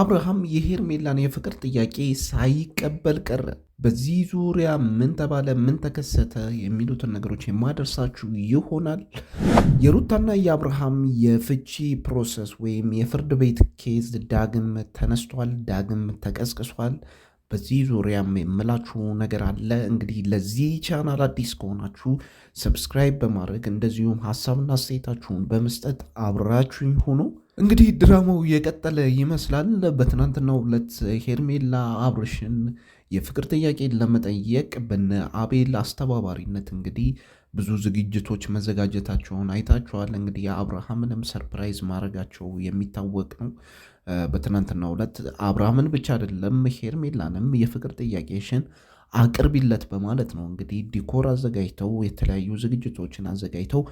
አብርሃም የሄርሜላን የፍቅር ጥያቄ ሳይቀበል ቀረ። በዚህ ዙሪያ ምን ተባለ፣ ምን ተከሰተ የሚሉትን ነገሮች የማደርሳችሁ ይሆናል። የሩታና የአብርሃም የፍቺ ፕሮሰስ ወይም የፍርድ ቤት ኬዝ ዳግም ተነስቷል፣ ዳግም ተቀስቅሷል። በዚህ ዙሪያም የምላችሁ ነገር አለ። እንግዲህ ለዚህ ቻናል አዲስ ከሆናችሁ ሰብስክራይብ በማድረግ እንደዚሁም ሀሳብና አስተያየታችሁን በመስጠት አብራችሁኝ ሆኖ እንግዲህ ድራማው የቀጠለ ይመስላል። በትናንትናው ዕለት ሄርሜላ አብርሽን የፍቅር ጥያቄ ለመጠየቅ በነ አቤል አስተባባሪነት እንግዲህ ብዙ ዝግጅቶች መዘጋጀታቸውን አይታችኋል። እንግዲህ የአብርሃምንም ሰርፕራይዝ ማድረጋቸው የሚታወቅ ነው። በትናንትናው ዕለት አብርሃምን ብቻ አይደለም ሄርሜላንም የፍቅር ጥያቄሽን አቅርቢለት በማለት ነው እንግዲህ ዲኮር አዘጋጅተው የተለያዩ ዝግጅቶችን አዘጋጅተው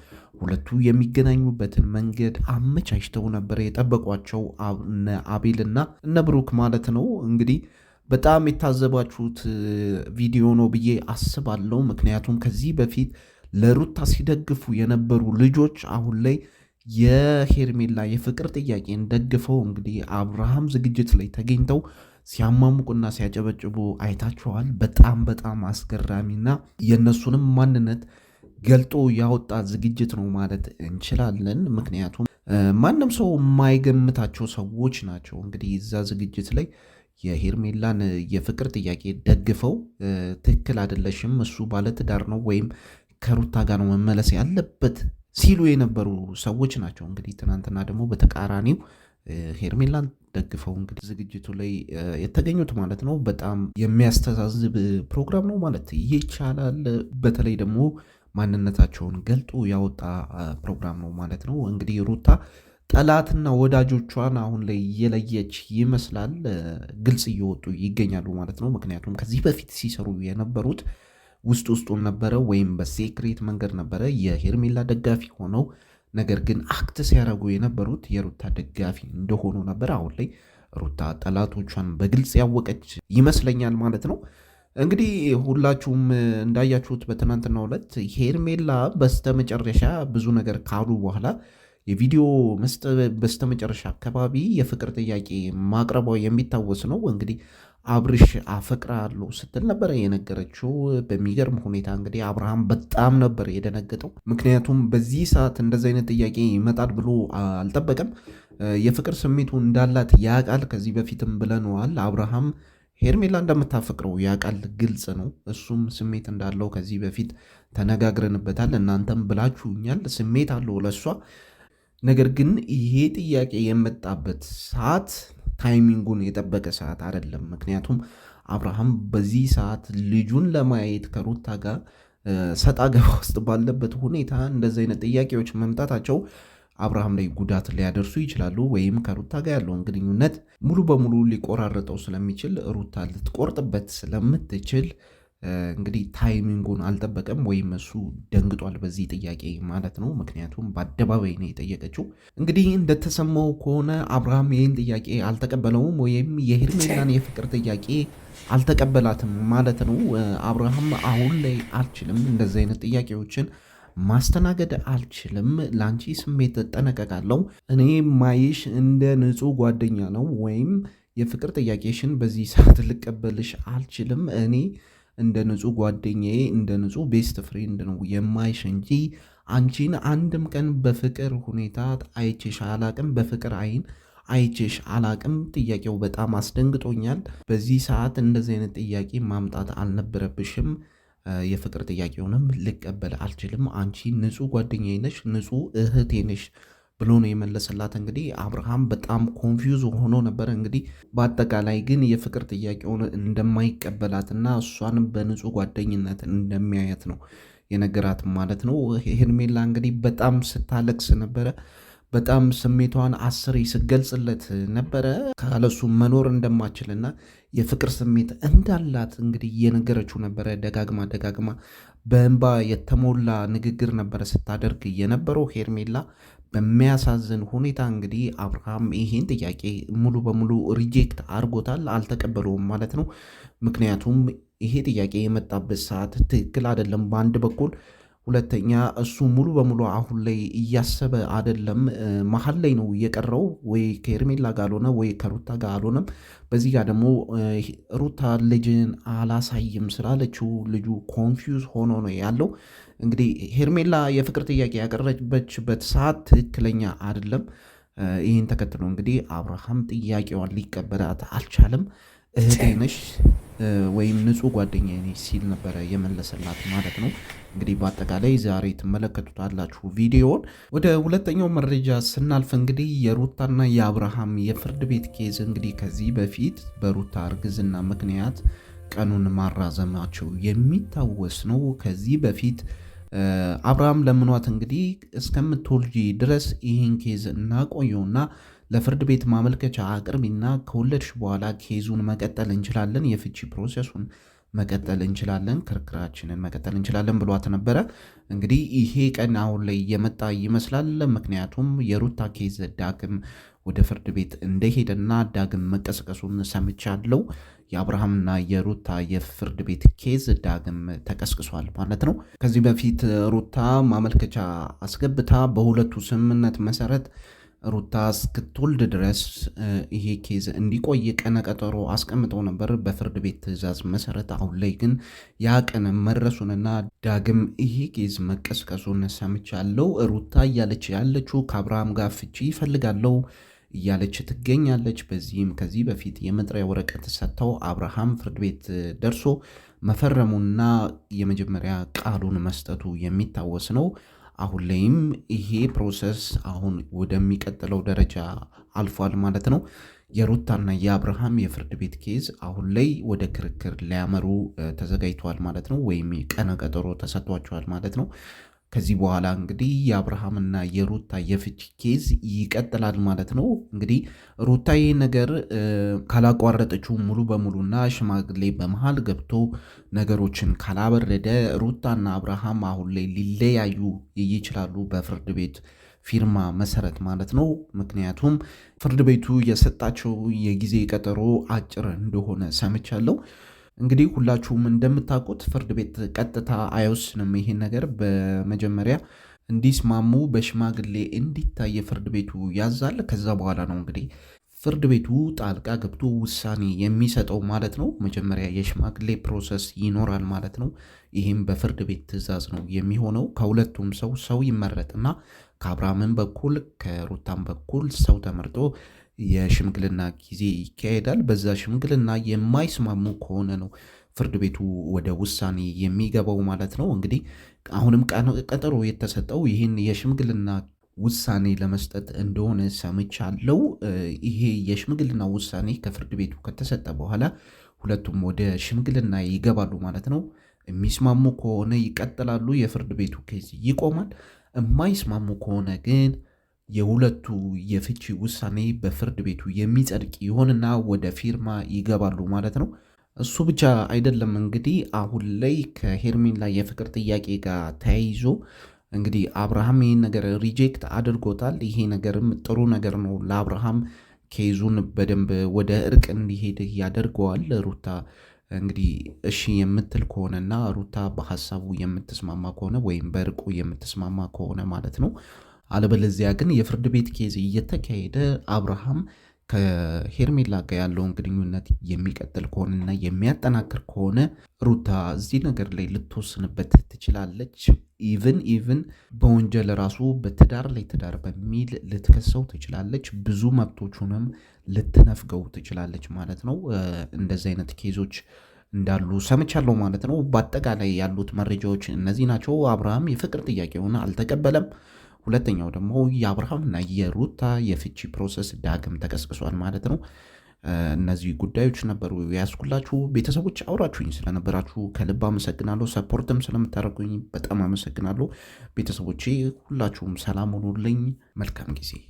ሁለቱ የሚገናኙበትን መንገድ አመቻችተው ነበር የጠበቋቸው እነ አቤልና እነ ብሩክ ማለት ነው እንግዲህ በጣም የታዘባችሁት ቪዲዮ ነው ብዬ አስባለሁ። ምክንያቱም ከዚህ በፊት ለሩታ ሲደግፉ የነበሩ ልጆች አሁን ላይ የሄርሜላ የፍቅር ጥያቄን ደግፈው እንግዲህ አብርሃም ዝግጅት ላይ ተገኝተው ሲያማሙቁና ሲያጨበጭቡ አይታችኋል። በጣም በጣም አስገራሚና የእነሱንም ማንነት ገልጦ ያወጣ ዝግጅት ነው ማለት እንችላለን። ምክንያቱም ማንም ሰው የማይገምታቸው ሰዎች ናቸው። እንግዲህ እዛ ዝግጅት ላይ የሄርሜላን የፍቅር ጥያቄ ደግፈው ትክክል አይደለሽም፣ እሱ ባለትዳር ነው ወይም ከሩታ ጋር ነው መመለስ ያለበት ሲሉ የነበሩ ሰዎች ናቸው። እንግዲህ ትናንትና ደግሞ በተቃራኒው ሄርሜላን ደግፈው እንግዲህ ዝግጅቱ ላይ የተገኙት ማለት ነው። በጣም የሚያስተዛዝብ ፕሮግራም ነው ማለት ይቻላል። በተለይ ደግሞ ማንነታቸውን ገልጦ ያወጣ ፕሮግራም ነው ማለት ነው። እንግዲህ ሩታ ጠላትና ወዳጆቿን አሁን ላይ እየለየች ይመስላል። ግልጽ እየወጡ ይገኛሉ ማለት ነው። ምክንያቱም ከዚህ በፊት ሲሰሩ የነበሩት ውስጥ ውስጡን ነበረ ወይም በሴክሬት መንገድ ነበረ የሄርሜላ ደጋፊ ሆነው ነገር ግን አክት ሲያደርጉ የነበሩት የሩታ ደጋፊ እንደሆኑ ነበር። አሁን ላይ ሩታ ጠላቶቿን በግልጽ ያወቀች ይመስለኛል ማለት ነው። እንግዲህ ሁላችሁም እንዳያችሁት በትናንትና ዕለት ሄርሜላ በስተመጨረሻ ብዙ ነገር ካሉ በኋላ የቪዲዮ በስተመጨረሻ አካባቢ የፍቅር ጥያቄ ማቅረቧ የሚታወስ ነው። እንግዲህ አብርሽ አፈቅራለሁ ስትል ነበር የነገረችው። በሚገርም ሁኔታ እንግዲህ አብርሃም በጣም ነበር የደነገጠው። ምክንያቱም በዚህ ሰዓት እንደዚህ አይነት ጥያቄ ይመጣል ብሎ አልጠበቀም። የፍቅር ስሜቱ እንዳላት ያውቃል። ከዚህ በፊትም ብለነዋል። አብርሃም ሄርሜላ እንደምታፈቅረው ያውቃል፣ ግልጽ ነው። እሱም ስሜት እንዳለው ከዚህ በፊት ተነጋግረንበታል። እናንተም ብላችሁኛል፣ ስሜት አለው ለእሷ ነገር ግን ይሄ ጥያቄ የመጣበት ሰዓት ታይሚንጉን የጠበቀ ሰዓት አይደለም። ምክንያቱም አብርሃም በዚህ ሰዓት ልጁን ለማየት ከሩታ ጋር ሰጣ ገባ ውስጥ ባለበት ሁኔታ እንደዚህ አይነት ጥያቄዎች መምጣታቸው አብርሃም ላይ ጉዳት ሊያደርሱ ይችላሉ፣ ወይም ከሩታ ጋር ያለውን ግንኙነት ሙሉ በሙሉ ሊቆራረጠው ስለሚችል ሩታ ልትቆርጥበት ስለምትችል እንግዲህ ታይሚንጉን አልጠበቀም ወይም እሱ ደንግጧል በዚህ ጥያቄ ማለት ነው። ምክንያቱም በአደባባይ ነው የጠየቀችው። እንግዲህ እንደተሰማው ከሆነ አብርሃም ይህን ጥያቄ አልተቀበለውም ወይም የሄርሜላን የፍቅር ጥያቄ አልተቀበላትም ማለት ነው። አብርሃም አሁን ላይ አልችልም፣ እንደዚህ አይነት ጥያቄዎችን ማስተናገድ አልችልም፣ ለአንቺ ስሜት እጠነቀቃለሁ፣ እኔ ማይሽ እንደ ንጹሕ ጓደኛ ነው ወይም የፍቅር ጥያቄሽን በዚህ ሰዓት ልቀበልሽ አልችልም እኔ እንደ ንጹህ ጓደኛዬ እንደ ንጹህ ቤስት ፍሬንድ ነው የማይሽ እንጂ አንቺን አንድም ቀን በፍቅር ሁኔታ አይቼሽ አላቅም፣ በፍቅር አይን አይቼሽ አላቅም። ጥያቄው በጣም አስደንግጦኛል። በዚህ ሰዓት እንደዚህ አይነት ጥያቄ ማምጣት አልነበረብሽም። የፍቅር ጥያቄውንም ልቀበል አልችልም። አንቺ ንጹህ ጓደኛዬ ነሽ፣ ንጹህ እህቴ ነሽ። ብሎ ነው የመለሰላት። እንግዲህ አብርሃም በጣም ኮንፊውዝ ሆኖ ነበር። እንግዲህ በአጠቃላይ ግን የፍቅር ጥያቄውን እንደማይቀበላትና እሷንም በንጹህ ጓደኝነት እንደሚያያት ነው የነገራት ማለት ነው። ሄርሜላ እንግዲህ በጣም ስታለቅስ ነበረ። በጣም ስሜቷን አስሬ ስገልጽለት ነበረ ካለሱ መኖር እንደማችልና የፍቅር ስሜት እንዳላት እንግዲህ እየነገረችው ነበረ። ደጋግማ ደጋግማ በእንባ የተሞላ ንግግር ነበረ ስታደርግ የነበረው ሄርሜላ በሚያሳዝን ሁኔታ እንግዲህ አብርሃም ይህን ጥያቄ ሙሉ በሙሉ ሪጀክት አድርጎታል፣ አልተቀበለውም ማለት ነው። ምክንያቱም ይሄ ጥያቄ የመጣበት ሰዓት ትክክል አይደለም። በአንድ በኩል ሁለተኛ እሱ ሙሉ በሙሉ አሁን ላይ እያሰበ አደለም። መሀል ላይ ነው እየቀረው ወይ ከሄርሜላ ጋር አልሆነ ወይ ከሩታ ጋር አልሆነም። በዚህ ጋር ደግሞ ሩታ ልጅን አላሳይም ስላለችው ልጁ ኮንፊውዝ ሆኖ ነው ያለው። እንግዲህ ሄርሜላ የፍቅር ጥያቄ ያቀረበችበት ሰዓት ትክክለኛ አደለም። ይህን ተከትሎ እንግዲህ አብርሃም ጥያቄዋን ሊቀበላት አልቻለም። እህቴ ነሽ ወይም ንጹህ ጓደኛ ሲል ነበረ የመለሰላት ማለት ነው። እንግዲህ በአጠቃላይ ዛሬ ትመለከቱታላችሁ ቪዲዮን። ወደ ሁለተኛው መረጃ ስናልፍ እንግዲህ የሩታና የአብርሃም የፍርድ ቤት ኬዝ እንግዲህ ከዚህ በፊት በሩታ እርግዝና ምክንያት ቀኑን ማራዘማቸው የሚታወስ ነው። ከዚህ በፊት አብርሃም ለምኗት እንግዲህ እስከምትወልጂ ድረስ ይህን ኬዝ እናቆየውና ለፍርድ ቤት ማመልከቻ አቅርቢና ከወለድሽ በኋላ ኬዙን መቀጠል እንችላለን፣ የፍቺ ፕሮሰሱን መቀጠል እንችላለን፣ ክርክራችንን መቀጠል እንችላለን ብሏት ነበረ። እንግዲህ ይሄ ቀን አሁን ላይ እየመጣ ይመስላል። ምክንያቱም የሩታ ኬዝ ዳግም ወደ ፍርድ ቤት እንደሄደና ዳግም መቀስቀሱን ሰምቻለሁ። የአብርሃምና የሩታ የፍርድ ቤት ኬዝ ዳግም ተቀስቅሷል ማለት ነው። ከዚህ በፊት ሩታ ማመልከቻ አስገብታ በሁለቱ ስምምነት መሰረት ሩታ እስክትወልድ ድረስ ይሄ ኬዝ እንዲቆይ ቀነ ቀጠሮ አስቀምጠው ነበር በፍርድ ቤት ትዕዛዝ መሰረት። አሁን ላይ ግን ያ ቀን መድረሱንና ዳግም ይሄ ኬዝ መቀስቀሱን ሰምቻለሁ። ሩታ እያለች ያለችው ከአብርሃም ጋር ፍቺ ይፈልጋለው እያለች ትገኛለች። በዚህም ከዚህ በፊት የመጥሪያ ወረቀት ሰጥተው አብርሃም ፍርድ ቤት ደርሶ መፈረሙና የመጀመሪያ ቃሉን መስጠቱ የሚታወስ ነው። አሁን ላይም ይሄ ፕሮሰስ አሁን ወደሚቀጥለው ደረጃ አልፏል ማለት ነው። የሩታና የአብርሃም የፍርድ ቤት ኬዝ አሁን ላይ ወደ ክርክር ሊያመሩ ተዘጋጅተዋል ማለት ነው። ወይም ቀነ ቀጠሮ ተሰጥቷቸዋል ማለት ነው። ከዚህ በኋላ እንግዲህ የአብርሃምና የሩታ የፍች ኬዝ ይቀጥላል ማለት ነው። እንግዲህ ሩታ ይህ ነገር ካላቋረጠችው ሙሉ በሙሉና ሽማግሌ በመሃል ገብቶ ነገሮችን ካላበረደ ሩታና አብርሃም አሁን ላይ ሊለያዩ ይችላሉ በፍርድ ቤት ፊርማ መሰረት ማለት ነው። ምክንያቱም ፍርድ ቤቱ የሰጣቸው የጊዜ ቀጠሮ አጭር እንደሆነ ሰምቻለሁ። እንግዲህ ሁላችሁም እንደምታውቁት ፍርድ ቤት ቀጥታ አይወስንም ይሄን ነገር። በመጀመሪያ እንዲስማሙ በሽማግሌ እንዲታይ ፍርድ ቤቱ ያዛል። ከዛ በኋላ ነው እንግዲህ ፍርድ ቤቱ ጣልቃ ገብቶ ውሳኔ የሚሰጠው ማለት ነው። መጀመሪያ የሽማግሌ ፕሮሰስ ይኖራል ማለት ነው። ይህም በፍርድ ቤት ትዕዛዝ ነው የሚሆነው። ከሁለቱም ሰው ሰው ይመረጥና ከአብርሃምን በኩል ከሩታም በኩል ሰው ተመርጦ የሽምግልና ጊዜ ይካሄዳል። በዛ ሽምግልና የማይስማሙ ከሆነ ነው ፍርድ ቤቱ ወደ ውሳኔ የሚገባው ማለት ነው። እንግዲህ አሁንም ቀጠሮ የተሰጠው ይህን የሽምግልና ውሳኔ ለመስጠት እንደሆነ ሰምቻለሁ። ይሄ የሽምግልና ውሳኔ ከፍርድ ቤቱ ከተሰጠ በኋላ ሁለቱም ወደ ሽምግልና ይገባሉ ማለት ነው። የሚስማሙ ከሆነ ይቀጥላሉ፣ የፍርድ ቤቱ ኬዝ ይቆማል። የማይስማሙ ከሆነ ግን የሁለቱ የፍቺ ውሳኔ በፍርድ ቤቱ የሚጸድቅ ይሆንና ወደ ፊርማ ይገባሉ ማለት ነው። እሱ ብቻ አይደለም እንግዲህ አሁን ላይ ከሄርሜላ የፍቅር ጥያቄ ጋር ተያይዞ እንግዲህ አብርሃም ይህን ነገር ሪጀክት አድርጎታል። ይሄ ነገርም ጥሩ ነገር ነው ለአብርሃም ኬዙን በደንብ ወደ እርቅ እንዲሄድ ያደርገዋል። ሩታ እንግዲህ እሺ የምትል ከሆነና ሩታ በሀሳቡ የምትስማማ ከሆነ ወይም በእርቁ የምትስማማ ከሆነ ማለት ነው አለበለዚያ ግን የፍርድ ቤት ኬዝ እየተካሄደ አብርሃም ከሄርሜላ ጋር ያለውን ግንኙነት የሚቀጥል ከሆነና የሚያጠናክር ከሆነ ሩታ እዚህ ነገር ላይ ልትወስንበት ትችላለች። ኢቭን ኢቭን በወንጀል ራሱ በትዳር ላይ ትዳር በሚል ልትከሰው ትችላለች። ብዙ መብቶቹንም ልትነፍገው ትችላለች ማለት ነው። እንደዚህ አይነት ኬዞች እንዳሉ ሰምቻለሁ ማለት ነው። በአጠቃላይ ያሉት መረጃዎች እነዚህ ናቸው። አብርሃም የፍቅር ጥያቄውን አልተቀበለም። ሁለተኛው ደግሞ የአብርሃም እና የሩታ የፍቺ ፕሮሰስ ዳግም ተቀስቅሷል ማለት ነው። እነዚህ ጉዳዮች ነበሩ ያስኩላችሁ። ቤተሰቦች አውራችሁኝ ስለነበራችሁ ከልብ አመሰግናለሁ። ሰፖርትም ስለምታደርጉኝ በጣም አመሰግናለሁ። ቤተሰቦቼ ሁላችሁም ሰላም ሆኑልኝ። መልካም ጊዜ